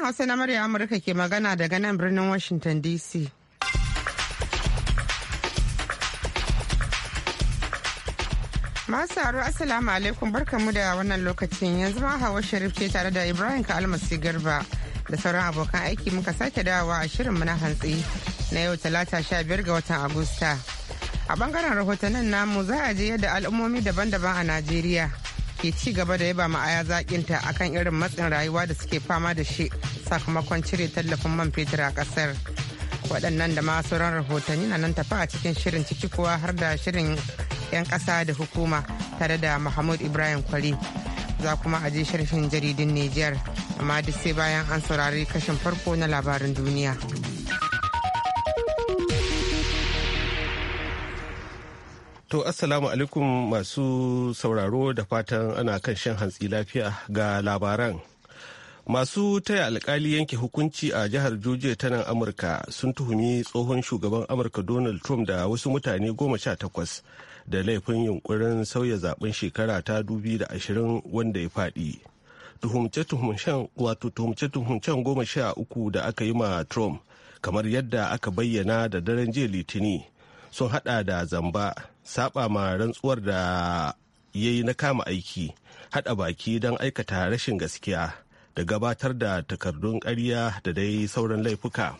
Sashen Hausa na murya Amurka ke magana daga nan birnin Washington DC. Masu haru Assalamu alaikum barkamu da wannan lokacin yanzu ma Hawa Sharif ce tare da Ibrahim Kalmasi Garba da sauran abokan aiki muka sake dawowa a shirinmu na hantsi na yau talata sha biyar ga watan Agusta. A bangaren rahotannin namu za a je yadda al'ummomi daban-daban a Najeriya ke ci gaba da yaba ma'aya zakinta akan irin matsin rayuwa da suke fama da shi sakamakon cire tallafin man fetur a kasar waɗannan da ma sauran rahotanni na nan tafa a cikin shirin ciki kuwa har da shirin 'yan ƙasa da hukuma tare da mahmud ibrahim kwari za kuma a je jaridin nijar amma duk sai bayan an saurari kashin farko na labarin duniya. To assalamu alaikum masu sauraro da fatan ana kan shan hantsi lafiya ga labaran. Masu taya alkali yanke hukunci a jihar Georgia ta nan Amurka sun tuhumi tsohon shugaban Amurka Donald Trump da wasu mutane goma sha takwas da laifin yunkurin sauya zaben shekara ta dubi da ashirin wanda ya faɗi. Tuhumce-tuhumcen goma sha uku da aka yi ma Trump kamar yadda aka bayyana da daren jiya Litini sun hada da zamba saba ma rantsuwar da ya yi na kama aiki hada baki don aikata rashin gaskiya da gabatar da takardun karya da dai sauran laifuka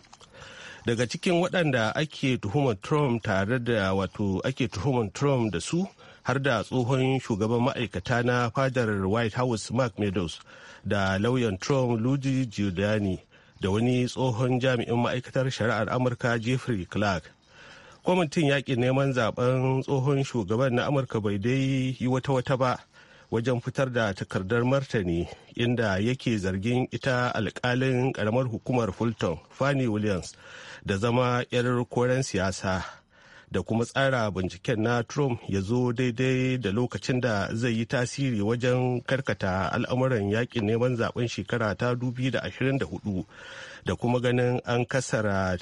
daga cikin waɗanda ake tuhumar trump tare da wato ake tuhumar trump da su har da tsohon shugaban ma'aikata na fadar white house mark meadows da lauyan trump luigi giuliani da wani tsohon jami'in ma'aikatar shari'ar amurka jeffrey clark kwamitin yaƙin neman zaben tsohon shugaban na amurka bai dai yi wata wata ba wajen fitar da takardar martani inda yake zargin ita alkalin karamar hukumar fulton fanny williams da zama 'yar koren siyasa da kuma tsara binciken na trump ya zo daidai da lokacin da zai yi tasiri wajen karkata al'amuran yakin neman zaben shekara ta 2024 da kuma ganin an kasara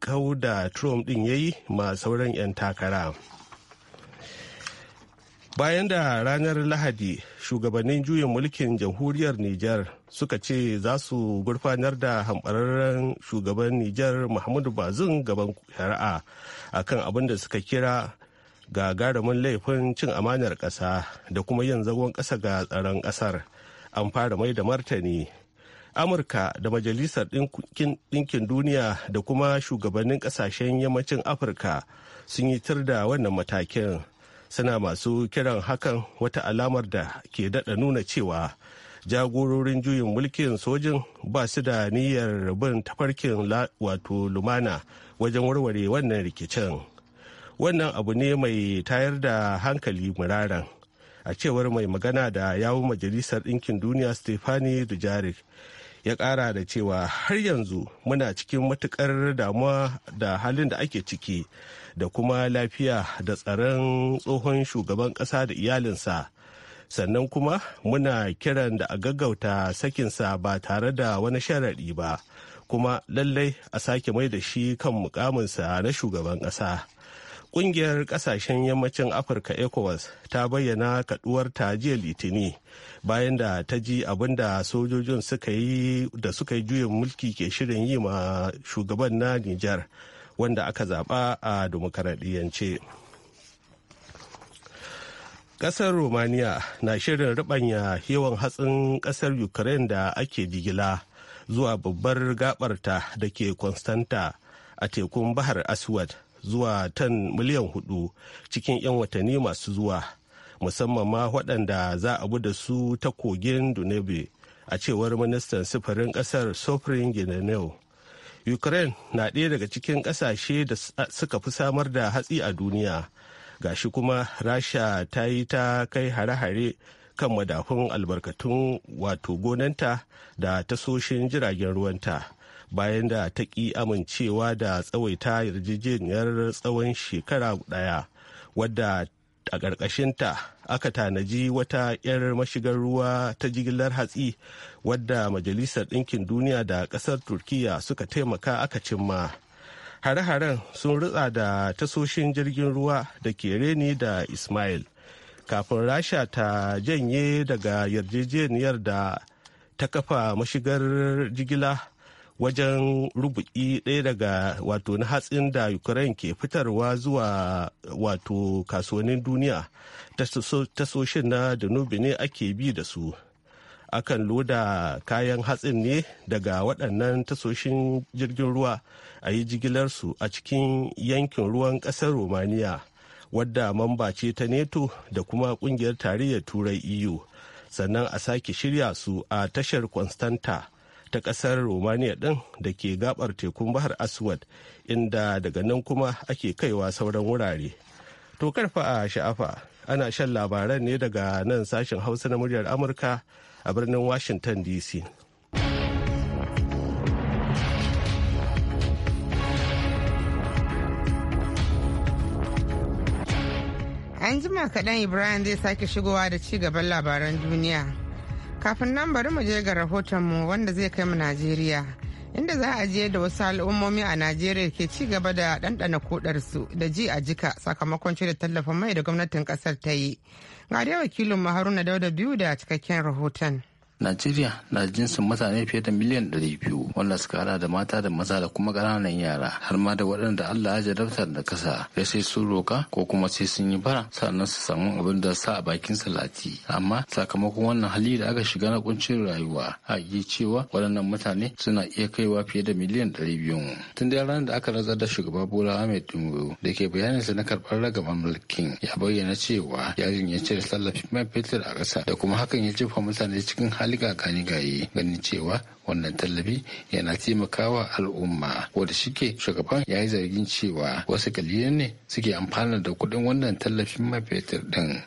kau da trump ɗin ya yi ma sauran 'yan takara bayan da ranar lahadi shugabannin juyin mulkin jamhuriyar niger suka ce za su gurfanar da hambararren shugaban niger muhammadu bazin gaban shari'a akan abin da suka kira gagarumin laifin cin amanar ƙasa da kuma yin zagon ƙasa ga tsaron ƙasar an fara mai da martani amurka da majalisar ɗinkin duniya da kuma shugabannin ƙasashen yammacin afirka sun yi tur da wannan matakin suna masu kiran hakan wata alamar da ke daɗa nuna cewa jagororin juyin mulkin sojin ba su da niyyar bin tafarkin wato lumana wajen warware wannan rikicin wannan abu ne mai tayar da hankali muraren a cewar mai magana da yawun majalisar ɗinkin duniya stefani dujarik ya kara da cewa har yanzu muna cikin matukar damuwa da halin da ake ciki da kuma lafiya da tsaron tsohon shugaban kasa da iyalinsa sannan kuma muna kiran da a gaggauta sakinsa ba tare da wani sharaɗi ba kuma lallai a sake mai da shi kan mukaminsa na shugaban ƙasa kungiyar kasashen yammacin afirka ecowas ta bayyana kaduwar ta jiya litini bayan da ta ji abin da sojojin suka yi da suka yi juyin mulki ke shirin yi ma shugaban na nijar wanda aka zaba a dimokuraɗiyance kasar romania na shirin ribanya yawan hatsin kasar ukraine da ake jigila zuwa babbar gabarta da ke constanta a tekun bahar aswad zuwa tan miliyan hudu cikin 'yan watanni masu zuwa musamman ma waɗanda za a bude su ta kogin Dunebe a cewar ministan sufurin ƙasar Sofrin Ginaneo. Ukraine na ɗaya daga cikin ƙasashe da suka fi samar da hatsi a duniya. Gashi kuma Rasha ta yi ta kai hare-hare kan madafun albarkatun wato gonanta da tasoshin jiragen ruwanta. bayan da ta ƙi amincewa da tsawaita yarjejeniyar tsawon shekara ɗaya wadda a ta aka tanaji wata 'yar mashigar ruwa ta jigilar hatsi wadda majalisar ɗinkin duniya da ƙasar turkiya suka taimaka aka cimma hare-haren sun rutsa da tasoshin jirgin ruwa da ke reni da ismail kafin rasha ta janye daga yarjejeniyar da ta kafa mashigar jigila wajen rubu'i ɗaya daga wato na hatsin da ukraine ke fitarwa zuwa wato kasuwannin duniya tasoshin na danube ne ake bi da su akan loda kayan hatsin ne daga waɗannan tasoshin jirgin ruwa a yi jigilarsu a cikin yankin ruwan ƙasar romania wadda mamba ce ta neto da kuma ƙungiyar tarayyar turai eu sannan a sake shirya su a tashar constanta ta kasar romania din da ke gabar tekun bahar aswad inda daga nan kuma ake kaiwa sauran wurare to karfa a sha'afa ana shan labaran ne daga nan sashen hausa na muryar amurka a birnin washington dc an kaɗan ibrahim zai sake shigowa da ci gaban labaran duniya Kafin nan bari mu je ga rahotonmu wanda zai kai mu Najeriya. Inda za a je da wasu al'ummomi a Najeriya ke ci gaba da ɗanɗana su da ji a jika sakamakon da tallafin mai da gwamnatin ƙasar ta yi. Ga dai wakilin Haruna Dauda biyu da cikakken rahoton. Najeriya na jinsin mutane fiye da miliyan 200 wanda suka hada da mata da maza da kuma ƙananan yara har ma da waɗanda Allah ya jarabta da kasa ya sai sun roka ko kuma sai sun yi bara sannan su samu abin da sa a bakin salati amma sakamakon wannan hali da aka shiga na kuncin rayuwa a yi cewa waɗannan mutane suna iya kaiwa fiye da miliyan 200 tun da ranar da aka rantsar da shugaba Bola Ahmed Tinubu da ke bayaninsa na karɓar ragaman mulkin ya bayyana cewa yarin ya cire tallafin man fetur a ƙasa da kuma hakan ya jefa mutane cikin hali hali kakani gayi ganin cewa wannan tallafi yana taimakawa al'umma wadda shike shugaban ya yi zargin cewa wasu kalilan ne suke amfana da kuɗin wannan tallafin man fetur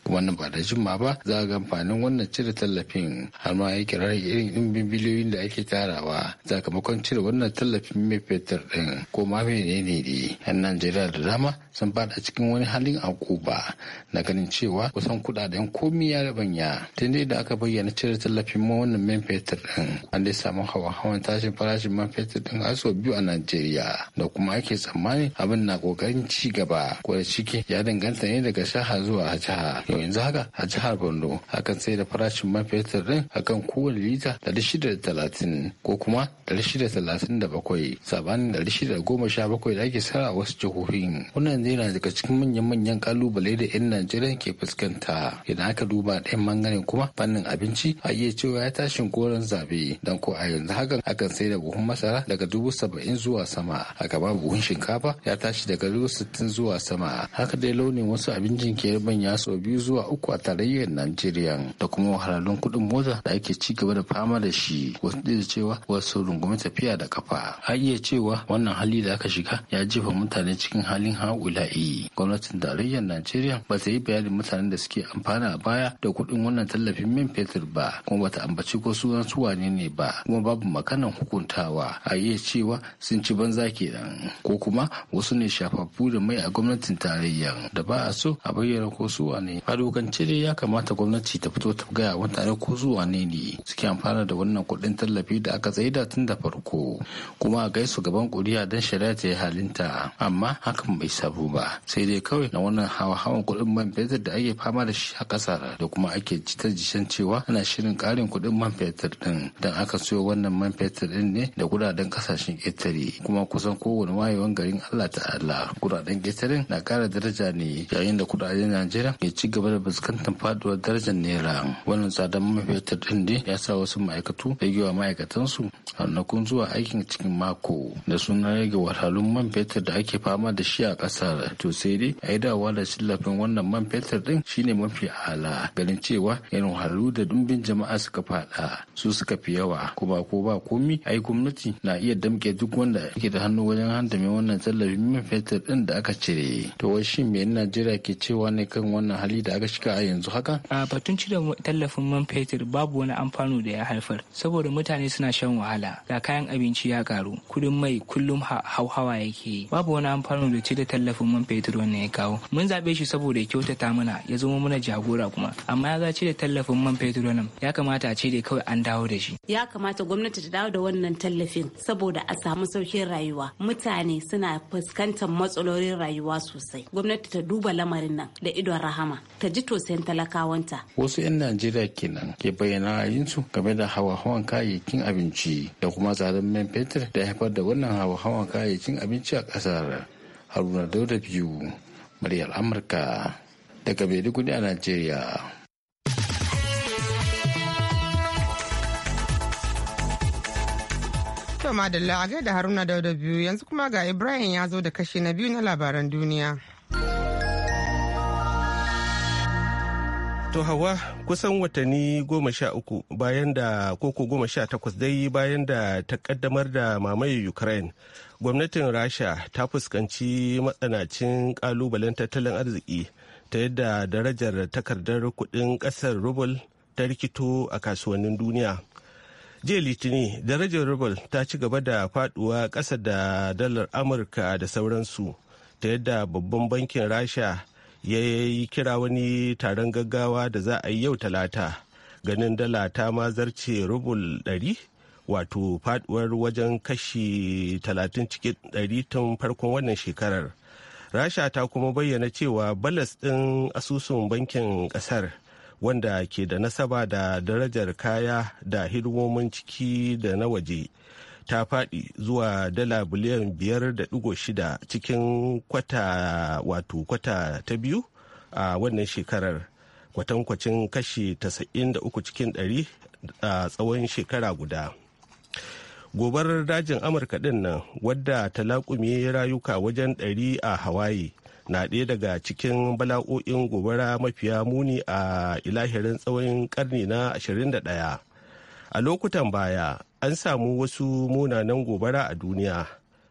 kuma nan ba da jimma ba za a ga amfanin wannan cire tallafin har ma ya kira irin ɗimbin biliyoyin da ake tarawa sakamakon cire wannan tallafin man fetur din ko ma ne ne yan najeriya da dama sun fada cikin wani halin akuba na ganin cewa kusan kuɗaɗen komi ya rabanya tun da aka bayyana cire tallafin ma wannan man fetur din an dai samu hawa-hawan tashin farashin man fetur ɗin aso biyu a Najeriya da kuma ake tsammanin abin na ƙoƙarin ci gaba ko da ciki ya danganta ne daga shaha zuwa jiha. Yau yanzu haka a jihar Borno akan sai da farashin man fetur ɗin akan kowane lita ɗari shida da talatin ko kuma ɗari shida talatin da bakwai sabanin ɗari shida da goma sha bakwai da ake sara a wasu jihohin. Wannan zai na daga cikin manyan-manyan kalubale da 'yan Najeriya ke fuskanta idan aka duba ɗayan mangane kuma fannin abinci a iya cewa ya tashin goron zabe don ko a yanzu hakan akan sai da buhun masara daga dubu saba'in zuwa sama a gaba buhun shinkafa ya tashi daga dubu sittin zuwa sama haka dai launin wasu abincin ke ya sau biyu zuwa uku a tarayyar najeriya da kuma wahalhalun kuɗin mota da ake ci gaba da fama da shi wasu da cewa wasu rungumi tafiya da kafa a iya cewa wannan hali da aka shiga ya jefa mutane cikin halin ha'ula'i gwamnatin tarayyar najeriya ba ta yi bayanin mutanen da suke amfana a baya da kuɗin wannan tallafin man fetur ba kuma ba ta ambaci ko sunan su wane ne ba kuma ba babu makanan hukuntawa a iya cewa sun ci banza kenan ko kuma wasu ne shafaffu da mai a gwamnatin tarayya da ba a so a bayyana ko su wane a dokance dai ya kamata gwamnati ta fito ta gaya mutane ko su wane ne suke amfana da wannan kuɗin tallafi da aka da tun da farko kuma a gaisu gaban kuri'a don shari'a ta yi halinta amma hakan bai sabu ba sai dai kawai na wannan hawa-hawan kuɗin man fetur da ake fama da shi a ƙasar da kuma ake jita-jishan cewa ana shirin ƙarin kuɗin man fetur ɗin don aka siyo wannan man fetur din ne da kudaden kasashen ƙetare kuma kusan kowane wayewan garin Allah ta'ala kudaden ƙetaren na ƙara daraja ne yayin da kudaden Najeriya ke ci gaba da fuskantar faduwar darajar naira wannan tsadar man fetur din ne ya sa wasu ma'aikatu ragewa ma'aikatansu harnakun zuwa aikin cikin mako da suna rage wahalhalun man fetur da ake fama da shi a ƙasar to sai dai a yi dawowa da shillafin wannan man fetur din shine mafi ala ganin cewa irin wahalhalu da dumbin jama'a suka fada su suka fi yawa kuma ko ba komi ai gwamnati na iya damke duk wanda ke da hannu wajen handame wannan tallafin man fetur din da aka cire to wai shin me Najeriya ke cewa ne kan wannan hali da aka shiga a yanzu haka a batun cire tallafin man fetur babu wani amfano da ya haifar saboda mutane suna shan wahala ga kayan abinci ya karu kudin mai kullum hauhawa yake babu wani amfano da cire tallafin man fetur wannan ya kawo mun zabe shi saboda ya kyautata mana ya zama mana jagora kuma amma ya za cire tallafin man fetur nan ya kamata a ce dai kawai an dawo da shi ya kamata gwamnati ta dawo da wannan tallafin saboda a samu saukin rayuwa mutane suna fuskantar matsalolin rayuwa sosai gwamnati ta duba lamarin nan da idon rahama ta ji tosayin talakawanta wasu 'yan najeriya kenan ke bayyana ra'ayinsu game da hawa-hawan kayayyakin abinci da kuma tsarin man fetur da haifar da wannan hawa-hawan kayayyakin abinci a ƙasar haruna dauda biyu muryar amurka daga maiduguri a najeriya To madalla a da Haruna Dauda biyu yanzu kuma ga Ibrahim ya zo da kashe na biyu na labaran duniya. To hawa kusan watanni goma sha uku bayan da koko goma sha takwas dai bayan da ta kaddamar da mamaye Ukraine. Gwamnatin Rasha ta fuskanci matsanacin kalubalen tattalin arziki ta yadda darajar takardar kudin kasar rubul ta rikito a kasuwannin duniya. jiya litinin darajar rubel ta ci gaba da faduwa ƙasa da dalar amurka da sauransu ta yadda babban bankin rasha ya yi kira wani taron gaggawa da za a yi yau talata ganin dala ta ma zarce rubul 100 wato faduwar wajen kashi 30 cikin 100 tun farkon wannan shekarar rasha ta kuma bayyana cewa balas ɗin asusun bankin ƙasar wanda ke da nasaba da darajar kaya da hidimomin ciki da na waje ta faɗi zuwa dala biliyan biyar da ɗigo shida cikin kwata wato kwata ta biyu a wannan shekarar kwatankwacin kashi 93 cikin 100 a tsawon shekara guda gobar dajin amurka din nan wadda ta laƙume rayuka wajen 100 a hawaii na ɗaya daga cikin bala'o'in gobara mafiya muni a ilahirin tsawon karni na 21 a lokutan baya an samu wasu munanan gobara a duniya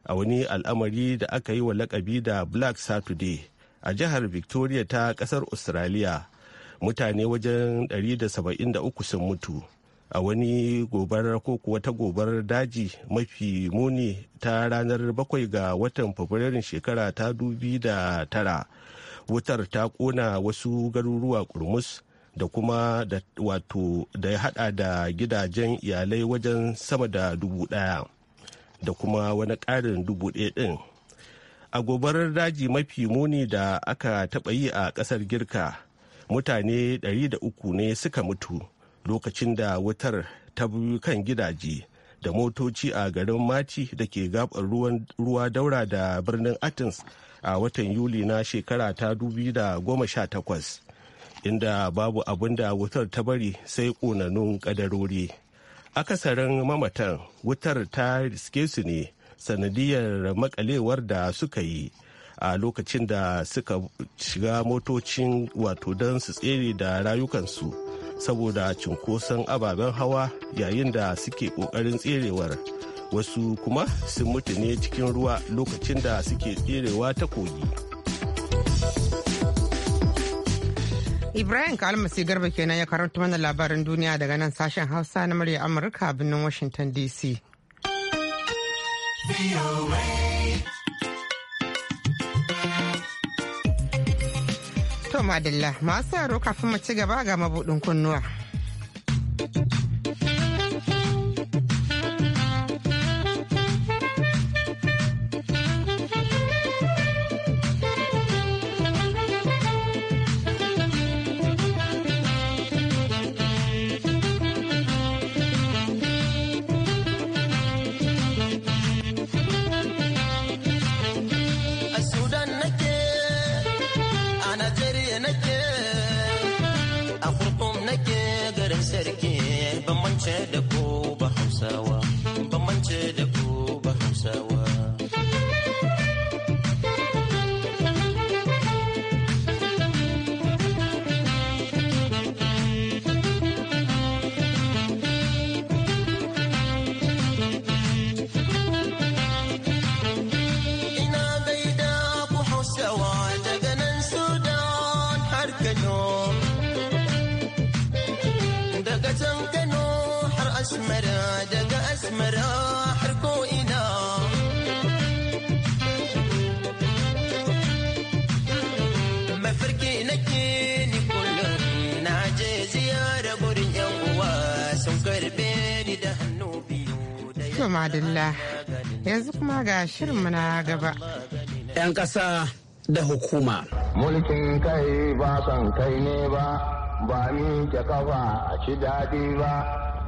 a wani al'amari da aka yi wa lakabi da black saturday a jihar victoria ta kasar australia mutane wajen 173 sun mutu a wani gobarar ko kuwa ta gobarar daji mafi muni ta ranar bakwai ga watan fabrairun shekara ta dubi da tara wutar ta kona wasu garuruwa kurmus da kuma da wato da ya hada da gidajen iyalai wajen sama da dubu daya da kuma wani karin dubu ɗaya ɗin a gobarar daji mafi muni da aka taɓa yi a ƙasar girka mutane 300 ne suka mutu lokacin da wutar ta biyu kan gidaje da motoci a garin mati da ke gabar ruwa daura da birnin athens a watan yuli na shekara ta takwas inda babu abin da wutar ta bari sai ƙonanun ƙadarori akasarin mamatan wutar ta riske su ne sanadiyar makalewar da suka yi a lokacin da suka shiga motocin wato don su tsere da rayukansu saboda cunkoson ababen hawa yayin da suke ƙoƙarin tserewar wasu kuma sun mutu ne cikin ruwa lokacin da suke tserewa ta kogi ibrahim kalmasi garba kenan ya karanta mana labarin duniya daga nan sashen hausa na murya amurka birnin washington dc To madalla masu yaro kafin mu ci gaba ga mabudin kunnuwa. ce da ko ba hausawa To madalla yanzu kuma ga shirinmu na gaba. 'Yan ƙasa da hukuma. Mulkin kai ba son kai ne ba, ba ni ke kafa a ci daɗi ba,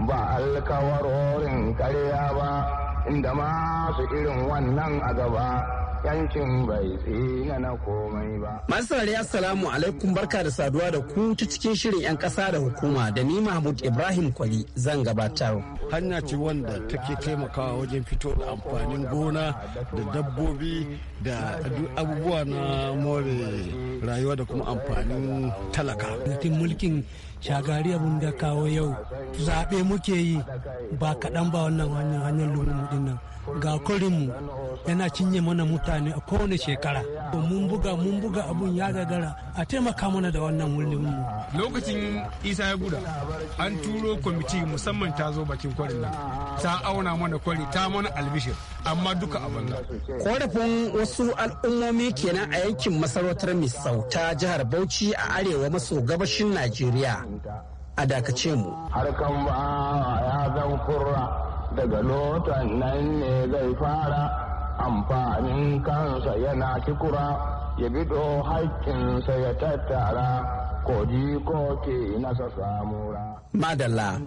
ba alkawarorin karya ba, inda masu irin wannan a gaba. yancin bai tsina na komai ba. Masu assalamu alaikum barka da saduwa da ku ta cikin shirin 'yan ƙasa da hukuma da ni Mahmud Ibrahim Kwali zan gabatar. Hanya ce wanda take taimakawa wajen fito da amfanin gona da dabbobi da abubuwa na more rayuwa da kuma amfanin talaka. mulkin shagari abin da kawo yau zaɓe muke yi ba kaɗan ba wannan hanyar hanyar mudin nan. ga kurinmu yana cinye mana mutane a kowane shekara mun buga mun buga abun ya gagara a taimaka mana da wannan wurin mu lokacin isa ya guda an turo kwamiti musamman ta zo bakin kwarin nan ta auna mana kwari ta mana albishir amma duka a banga korafin wasu al'ummomi kenan a yankin masarautar misau ta jihar bauchi a arewa maso gabashin najeriya a dakace mu harkan ba ya zan kurra daga lotan nan ne zai fara amfanin kansa yana kikura ya bido haƙƙinsa ya tattara ko Madalla.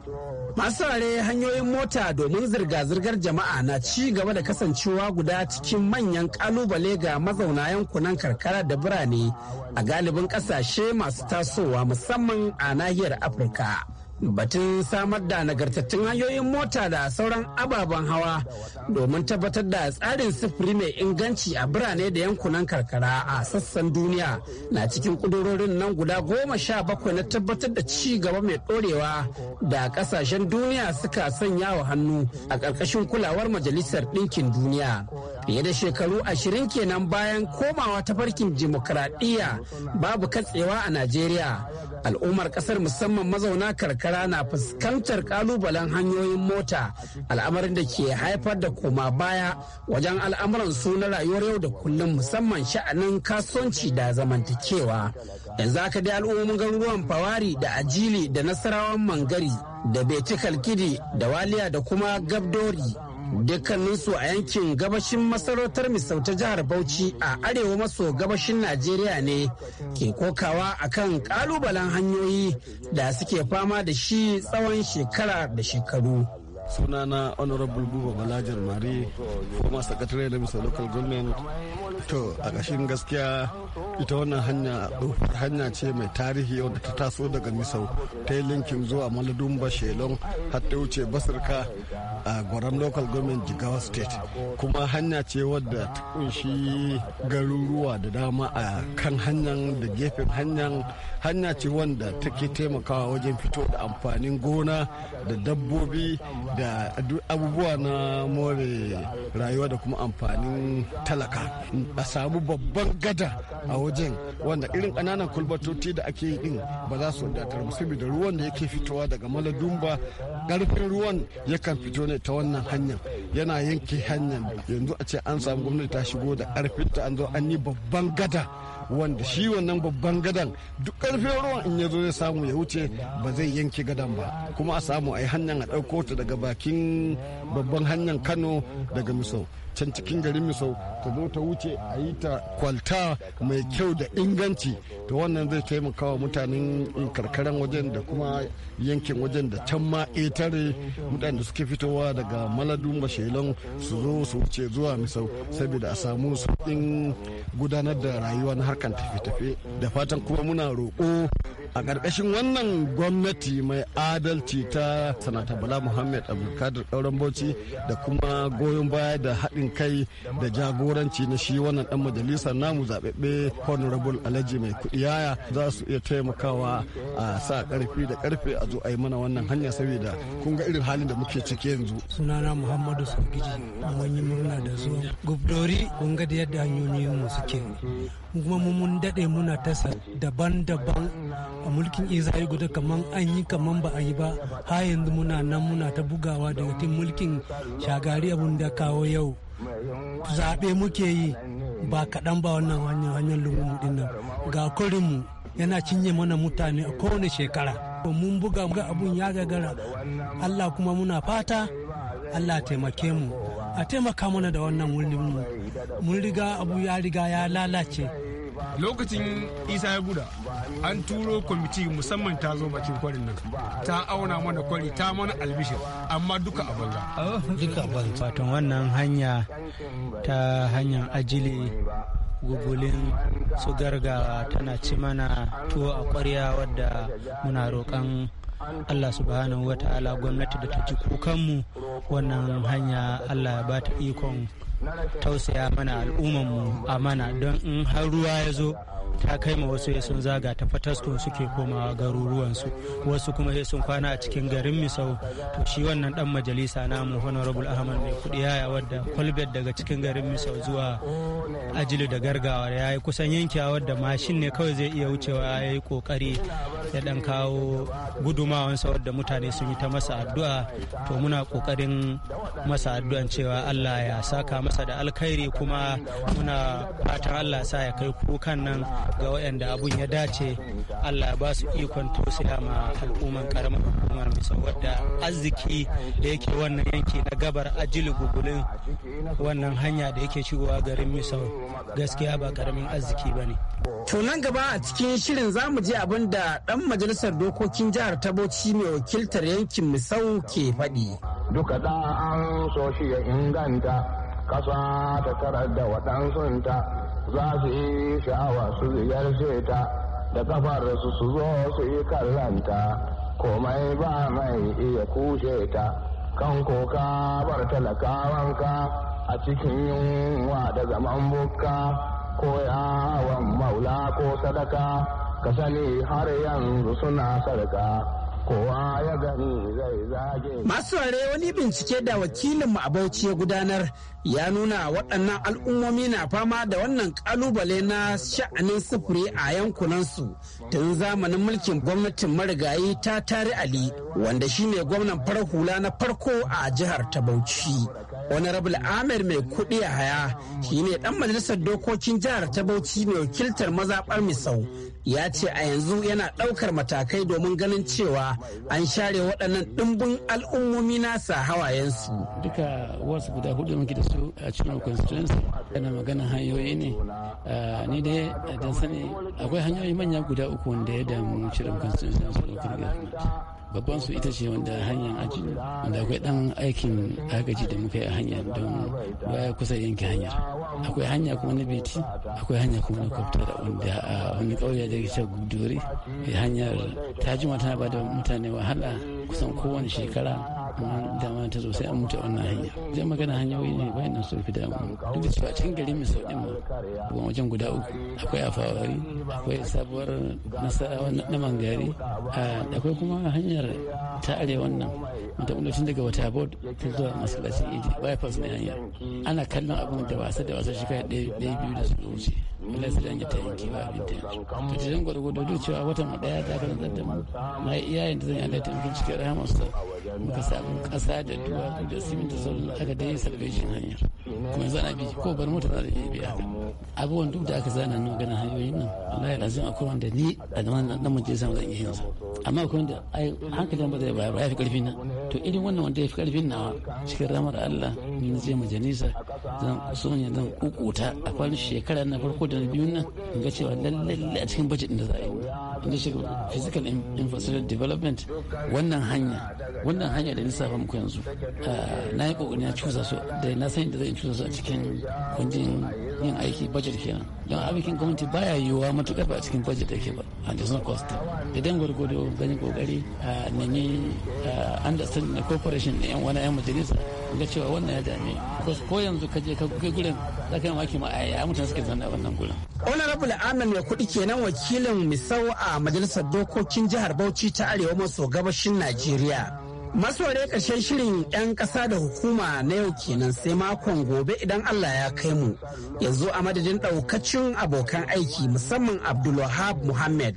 Masu sare hanyoyin mota domin zirga-zirgar jama'a na ci gaba da kasancewa guda cikin manyan kalubale ga mazauna yankunan karkara da birane a galibin kasashe masu tasowa musamman a nahiyar Afirka. batun samar da nagartattun hanyoyin mota da sauran ababen hawa domin tabbatar da tsarin sufuri mai inganci a birane da yankunan karkara a sassan duniya na cikin kudurorin nan guda goma sha bakwai na tabbatar da ci gaba mai dorewa da kasashen duniya suka sanya wa hannu a ƙarƙashin kulawar majalisar ɗinkin duniya fiye da shekaru ashirin kenan bayan komawa ta farkin dimokuraɗiyya babu katsewa a najeriya al'ummar kasar musamman mazauna karkara na fuskantar kalubalen hanyoyin mota al'amarin da ke haifar da koma baya wajen al'amuran su na rayuwar yau da kullum musamman sha'anin kasuwanci da zamantakewa yanzu haka dai al'ummomin garuruwan fawari da ajili da nasarawan mangari da betikal kidi da waliya da kuma gabdori dukkaninsu a yankin gabashin masarautar Misauta jihar bauchi a arewa maso gabashin najeriya ne ke kokawa akan kalubalen hanyoyi da suke fama da shi tsawon shekara da shekaru sunana honorable buba balajar mari former secretary na mr local government to a ƙashin gaskiya ita wannan hanya ɗaukar hanya ce mai tarihi wadda ta taso daga misau ta yi linkin zuwa maladumba shelon har ta wuce basirka a gwaram local government jigawa state kuma hanya ce wadda ta kunshi garuruwa da dama a kan hanyar da gefen hanyar hanya ce wanda take taimakawa wajen fito da amfanin gona da dabbobi da abubuwa na more rayuwa da kuma amfanin talaka a samu babban gada a wajen wanda irin ƙananan kulbatoti da ake yi din ba za su wadatar musulmi da ruwan da yake fitowa daga ba karfin ruwan yakan fito ne ta wannan hanyar yana yanke hanyar yanzu a ce an samu gwamnati ta shigo da karfin ta an zo an yi babban gada wanda shi wannan babban gadan duk karfe ruwan in ya zo ya samu ya wuce ba zai yanke gadan ba kuma a samu a yi hanyar a ɗauko ta daga bakin babban hanyar kano daga misau can cikin garin misau ta zo ta wuce a yi ta kwalta mai kyau da inganci to wannan zai taimaka wa mutanen karkaran wajen da kuma yankin wajen da can ma etare mutanen da suke fitowa daga maladu bashelon su zo su wuce zuwa misau saboda a samu sauƙin gudanar da rayuwa na harkar tafe-tafe da fatan kuma muna roƙo a ƙarƙashin wannan gwamnati mai adalci ta sanata bala muhammad abdulkadir ɗauran bauchi da kuma goyon baya da haɗin kai da jagoranci na shi wannan ɗan majalisa namu zaɓeɓɓe honorable alhaji mai kuɗi yaya za su iya taimakawa a sa ƙarfi da ƙarfe a zo a yi mana wannan hanya saboda kun ga irin halin da muke ciki yanzu sunana muhammadu sogiji mun yi murna da zuwa gubdori kun ga da yadda hanyoyin mu suke kuma mun daɗe muna tasa daban-daban a mulkin izayi guda kaman an yi kaman ba a yi ba Ha yanzu muna nan muna ta bugawa daga tun mulkin shagari abun da kawo yau zaɓe muke yi ba kaɗan ba wannan hanyar hanyar lungun din nan ga kurinmu yana cinye mana mutane a kowane shekara mun buga ga abun ya gagara allah kuma muna fata allah taimake mu a taimaka mana da wannan wurin mu mun riga abu ya riga ya lalace lokacin isa ya guda an turo kwamiti musamman ta zo bakin kwarin nan ta auna mana kwari ta mana albishir amma duka a banza oh, duka banza fatan wannan hanya ta hanyar ajili gugulin su gargawa tana ci mana tuwo a kwarya wadda muna roƙon Allah subhanahu wa ta'ala gwamnati da ta ji kukanmu wannan hanya Allah ya ba ta ikon tausaya mana al'ummanmu a mana don in har ruwa ya zo ta kai ma wasu sun zaga ta fatasko suke komawa garuruwansu wasu kuma sun kwana a cikin garin misau to shi wannan dan majalisa namu honorable ahmad mai kudi yaya wadda kwalbet daga cikin garin misau zuwa ajili da gargawa ya yi kusan yankewa wadda mashin ne kawai zai iya wucewa ya yi kokari ya dan kawo gudumawansa wadda mutane sun yi ta masa addu'a to muna kokarin masa addu'an cewa allah ya saka masa da alkhairi kuma muna fatan allah sa ya kai kukan nan ga waɗanda abun ya dace allah ba su ikon tosaya ma al'umman karamar hukumar misal. wadda arziki da yake wannan yanki na gabar ajili gugulin wannan hanya da yake shigowa garin misau gaskiya ba karamin arziki ba ne to nan gaba a cikin shirin za mu je abin da ɗan majalisar dokokin jihar ta bauchi mai wakiltar yankin misau ke faɗi duka ɗan an so shi ya inganta ƙasa ta tarar da waɗansunta za su yi sha'awa su ziyarce ta da kafar su zo su yi kallanta komai ba mai iya kushe ta kan koka bar talakawanka a cikin yunwa da zaman bukka ko yawon maula ko sadaka ka sani har yanzu suna sarka. Masu ware wani bincike da wakilinmu a Bauchi ya gudanar ya nuna waɗannan al'ummomi na fama da wannan ƙalubale na sha'anin sufuri a yankunansu tun zamanin mulkin gwamnatin marigayi ta tare Ali wanda shine gwamnan farhula na farko a jihar ta Bauchi. honorable amir mai kudi a haya shine dan majalisar dokokin jihar ta bauchi mai wakiltar mazaɓar misau ya ce a yanzu yana ɗaukar matakai domin ganin cewa an share waɗannan ɗimbin al'ummomi nasa hawayensu duka wasu guda hudu muke da su a cikin constituency yana magana hanyoyi ne ah, ni dai dan sani akwai hanyoyi manya guda uku wanda ya damu cikin constituency babban su ita ce wanda hanyar aji wanda akwai dan aikin agaji da muka yi a hanyar don baya kusa yanke hanyar akwai hanya kuma na beti akwai hanya kuma na kwafta da wanda a wani kauye da ke hanyar ta jima tana ba da mutane wahala kusan kowane shekara dama ta zo sai an mutu wannan hanya zai magana hanyoyi ne bayan nan sun fi damu duk da cewa can gari mai sauƙin ma kuma wajen guda uku akwai afawari akwai sabuwar nasarawa na mangari akwai kuma hanyar ta arewa nan da lokacin daga wata bod ta zuwa masallacin idi bypass ne hanya ana kallon abin da wasa da wasa shi kai ɗaya biyu da su wuce president ya taimaki ba abin taimaki to cikin gwargwado duk cewa watan mu daya ta karantar da mu na iyayen da zan yi Allah taimaki cikin rahamarsa muka samu kasa da duwatsu da siminti sauran aka dai salvation hanyar kuma zana bi ko bar mota za ta je biya abubuwan duk da aka zana nan ganin hanyoyin nan wallahi lazim akwai wanda ni a zaman dan mu je samu zan iya yin sa amma akwai wanda ai hankalin ba zai bayar ba ya fi karfin na to irin wannan wanda ya fi karfin nawa cikin ramar Allah ni na je majalisa zan so ne zan kukuta a kwanan shekara na farko da na biyu nan in ga cewa lallai a cikin budget da za a yi in ga shiga physical infrastructure development wannan hanya wannan hanya da ba muku yanzu ah, na yi kokari na cusa su da na san da zai cusa su a cikin kundin yin aiki budget kenan don aikin gwamnati baya yiwuwa matuƙar ba a cikin budget yake ba a it's not cost idan gwargwado ganin kokari a nemi understanding na corporation na yan wani yan majalisa ga cewa wannan ya dame ko yanzu ka je ka kai gurin za ka yi maki ma a mutane suke zanna wannan gurin. honorable amin ya kuɗi kenan wakilin misau a majalisar dokokin jihar bauchi ta arewa maso gabashin najeriya Masoya ƙarshen shirin 'yan ƙasa da hukuma na yau kenan sai makon gobe idan Allah ya kai mu. Yanzu a madadin ɗaukacin abokan aiki musamman Abdulwahab Muhammad.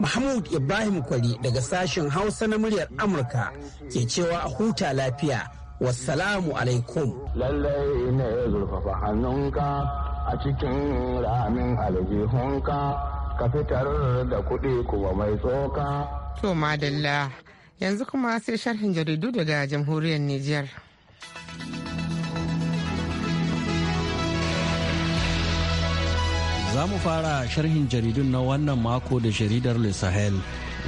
Mahmud Ibrahim Kwari daga sashen Hausa na muryar Amurka ke cewa a huta lafiya. Wassalamu alaikum. Lallai ne zurfafa hannunka a cikin ramin aljihunka ka fitar da kuɗi kuma mai tsoka. To madalla Yanzu kuma sai sharhin jaridu daga jamhuriyar nijiyar. Za mu fara sharhin jaridun na wannan mako da jaridar Le Sahel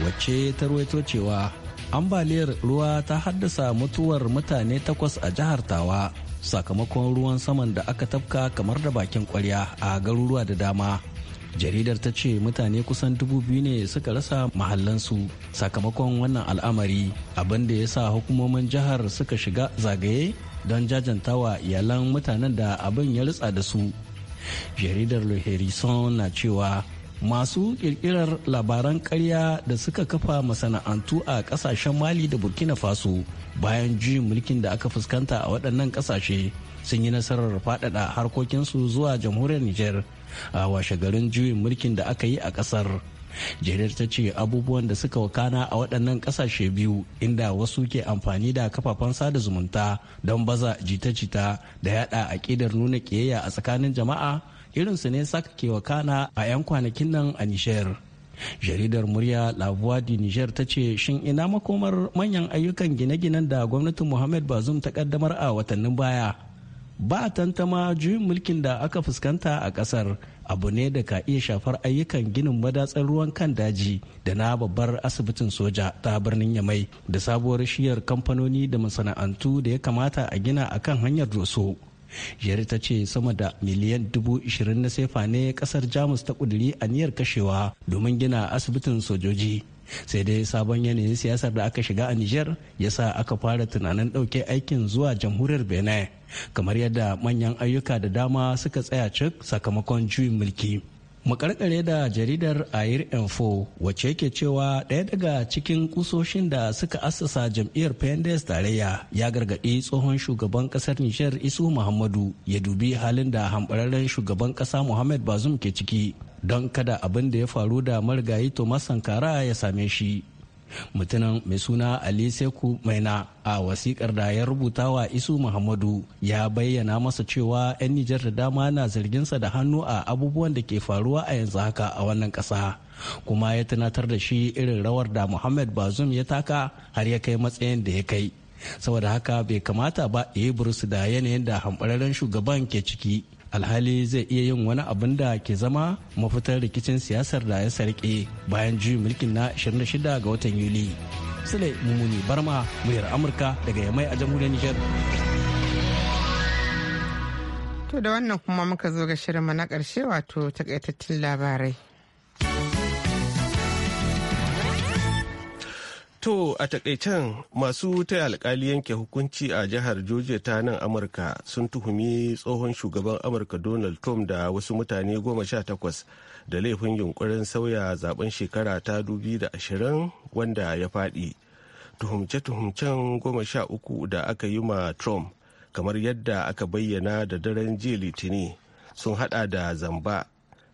wacce ta ruwaito cewa ambaliyar ruwa ta haddasa mutuwar mutane takwas a jihar Tawa sakamakon ruwan saman da aka tafka kamar da bakin kwarya a garuruwa da dama jaridar ta ce mutane kusan dubu biyu ne suka rasa mahallansu sakamakon wannan al'amari abinda ya sa hukumomin jihar suka shiga zagaye don jajantawa iyalan mutanen da abin ya rutsa da su jaridar loherison na cewa masu kirkirar labaran karya da suka kafa masana'antu a kasashen mali da burkina faso bayan juyin mulkin da aka fuskanta a waɗannan kasashe sun yi nasarar faɗaɗa harkokinsu zuwa jamhuriyar niger a washe garin juyin mulkin da aka yi a kasar jaridar ta ce abubuwan da suka wakana a waɗannan ƙasashe biyu inda wasu ke amfani da kafafen sada zumunta don baza jita-jita da yada aƙidar nuna ƙiyayya a tsakanin jama'a irinsu ne saka ke wakana a 'yan kwanakin nan a nishiyar jaridar murya labuwa di niger ta ce shin ina makomar manyan ayyukan gine-ginen da gwamnatin muhammad bazum ta kaddamar a watannin baya ba tantama juyin mulkin da aka fuskanta a kasar abu ne da ka iya shafar ayyukan ginin madatsar ruwan kan daji da na babbar asibitin soja ta birnin yamai da sabuwar shiyar kamfanoni da masana'antu da ya kamata a gina a kan hanyar doso jere ta ce sama da miliyan dubu ishirin na sefa ne kasar jamus ta kuduri aniyar kashewa domin gina asibitin sojoji sai dai sabon yanayin siyasar da aka shiga a nijar ya sa aka fara tunanin ɗauke aikin zuwa jamhuriyar benin kamar yadda manyan ayyuka da dama suka tsaya cik sakamakon juyin mulki makarkare da jaridar air info wace yake cewa ɗaya daga cikin kusoshin da suka assasa jam'iyyar pendes tarayya ya gargaɗi tsohon shugaban ƙasar nijar isu muhammadu ya dubi halin da hambararren shugaban ƙasa muhammad bazum ke ciki don kada abin da ya faru da marigayi thomas sankara ya same shi mutumin mai suna ali seku maina a wasikar da ya rubuta wa isu muhammadu ya bayyana masa cewa 'yan nijar da dama na zarginsa da hannu a abubuwan da ke faruwa a yanzu haka a wannan ƙasa kuma ya tunatar da shi irin rawar da muhammad bazum ya taka har ya kai matsayin da ya kai saboda haka bai kamata ba ya yi da yanayin da hamɓararren shugaban ke ciki alhali zai iya yin wani abin da ke zama mafitar rikicin siyasar da ya sarƙe bayan juyi mulkin na 26 ga watan yuli sule mummuni barma muryar amurka daga yamai a jamhuriyar nijar to da wannan kuma muka zo ga shirinmu na ƙarshe wato takaitattun labarai To a takaicen masu yi alkali yanke hukunci a jihar Georgia ta nan Amurka sun tuhumi tsohon shugaban Amurka Donald Trump da wasu mutane goma sha takwas da laifin yunkurin sauya zaben shekara ta dubi da ashirin wanda ya faɗi. Tuhumce-tuhumcen goma sha uku da aka yi ma Trump kamar yadda aka bayyana da daren jiya litini sun hada da zamba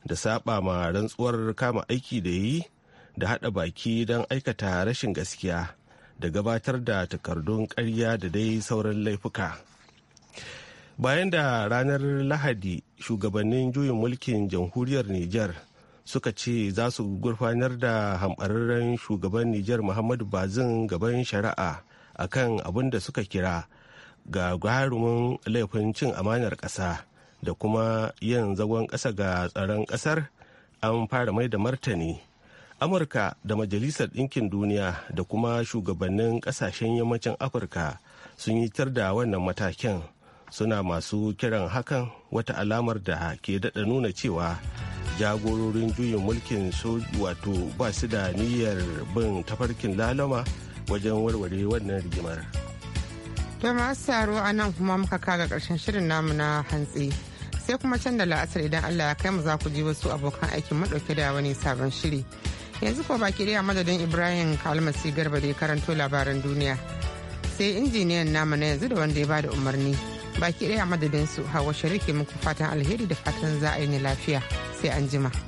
da saba ma rantsuwar kama aiki da yi da haɗa baki don aikata rashin gaskiya da gabatar da takardun ƙarya da dai sauran laifuka bayan da ranar lahadi shugabannin juyin mulkin jamhuriyar niger suka ce za su gurfanar da hamɓararren shugaban niger muhammadu bazin gaban shari'a akan abin da suka kira ga gwarumin laifin cin amanar ƙasa da kuma yin zagon ƙasa ga tsaron ƙasar an fara mai da martani amurka da majalisar ɗinkin duniya da kuma shugabannin ƙasashen yammacin afirka sun yi tar da wannan matakin suna masu kiran hakan wata alamar da ke daɗa nuna cewa jagororin juyin mulkin soji wato ba su da niyyar bin tafarkin lalama wajen warware wannan rigimar. da masu taro a nan kuma muka kaga ƙarshen shirin namu na hantsi sai kuma can da la'asar idan allah ya kai mu za ku ji wasu abokan aikin maɗauke da wani sabon shiri. yanzu ko baki dai a madadin ibrahim kalmasi garba da ya karanto labaran duniya sai injiniyan namu na yanzu da wanda ya bada umarni baki dai a madadin su hawa shariki muku fatan alheri da fatan za a yi lafiya sai an jima.